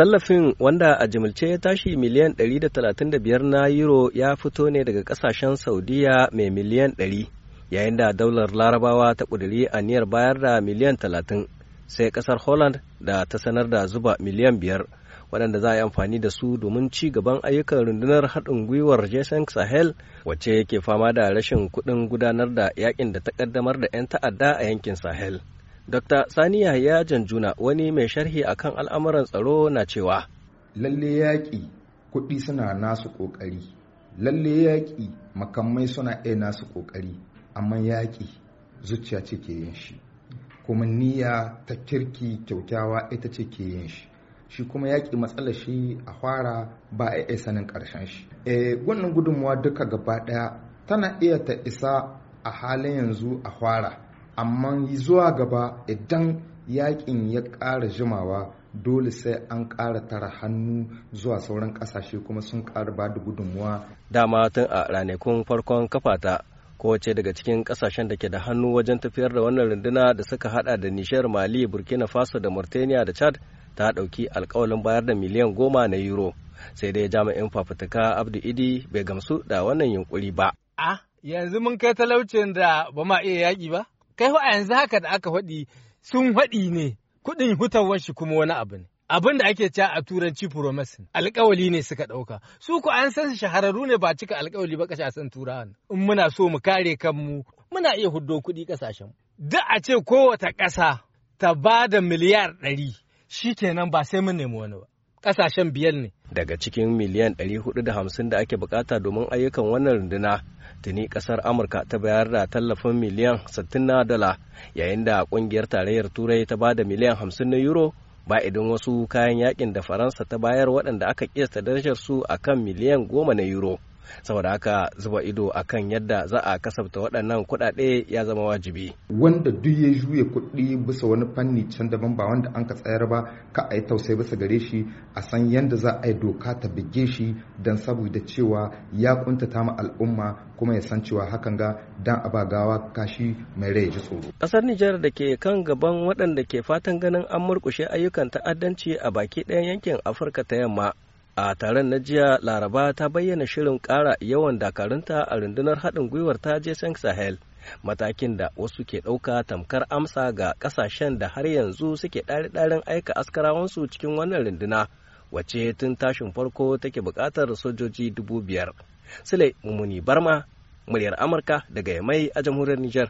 Tallafin wanda a jimilce ya tashi miliyan 135 na euro ya fito ne daga kasashen Saudiya mai miliyan 100 yayin da daular larabawa ta ƙudiri aniyar bayar da miliyan 30 sai kasar Holland da ta sanar da zuba miliyan 5 waɗanda za a yi amfani da su domin ci gaban ayyukan rundunar haɗin gwiwar jason sahel wacce yake fama da rashin kuɗin gudanar da yakin da ta ƙaddamar da 'yan ta'adda a yankin sahel Dr. Sani Yahya Janjuna wani mai sharhi akan al'amuran tsaro na cewa. Lalle yaƙi kuɗi suna nasu ƙoƙari, lalle yaƙi makamai suna iya nasu ƙoƙari, amma yaƙi zuciya ce ke yin shi, kuma niyya ta kirki kyaukyawa ita ce ke yin shi. Shi kuma yaƙi matsalar shi a fara ba a iya sanin ƙarshen shi. E, wannan gudunmuwa duka gaba ɗaya tana iya ta isa a halin yanzu a fara. amma zuwa gaba idan yakin ya ƙara jimawa dole sai an ƙara tara hannu zuwa sauran ƙasashe kuma sun ƙara ba da gudunmuwa dama tun a ranakun farkon kafata kowace daga cikin ƙasashen da ke da hannu wajen tafiyar da wannan runduna da suka hada da nishiyar mali burkina faso da mauritania da chad ta ɗauki alkawalin bayar da miliyan goma na euro sai dai jami'in fafutuka abdu idi bai gamsu da wannan yunkuri ba a yanzu mun kai talaucin da ba ma iya yaƙi ba kai a yanzu haka da aka faɗi sun haɗi ne kuɗin hutawar shi kuma wani abu ne abin da ake cewa a turanci promisin alƙawali ne suka ɗauka su ku an san shahararru ne ba cika alƙawali ba kasashen turawan in muna so mu kare kanmu muna iya huddo kuɗi kasashen duk a ce kowace ƙasa ta ba da miliyar ɗari shi shikenan ba sai mun nemi wani ba ƙasashen biyar ne. Daga cikin miliyan 450 da ake bukata domin ayyukan wannan runduna, tuni ƙasar Amurka ta bayar da tallafin miliyan 60 na dala, yayin da ƙungiyar tarayyar Turai ta ba da miliyan 50 na euro ba idan wasu kayan yakin da Faransa ta bayar waɗanda aka kiyasta darajar su akan miliyan 10 na euro. saboda haka zuba ido a kan yadda za a kasafta waɗannan kuɗaɗe ya zama wajibi wanda duk ya juye kuɗi bisa wani fanni can daban ba wanda an ka tsayar ba ka a yi tausayi bisa gare shi a san yadda za a yi doka ta bige shi don saboda cewa ya kuntata ma al'umma kuma ya san cewa hakan ga dan a ba gawa kashi mai rai ji tsoro ƙasar Nijar da ke kan gaban waɗanda ke fatan ganin an murƙushe ayyukan ta'addanci a baki ɗayan yankin Afirka ta yamma a taron na jiya laraba ta bayyana shirin ƙara yawan dakarunta a rundunar haɗin gwiwar ta jason sahel matakin da wasu ke ɗauka tamkar amsa ga ƙasashen da har yanzu suke ɗari-ɗarin aika askarawansu cikin wannan runduna wacce tun tashin farko take buƙatar sojoji dubu biyar sule mumuni barma muryar amurka daga yamai a jamhuriyar niger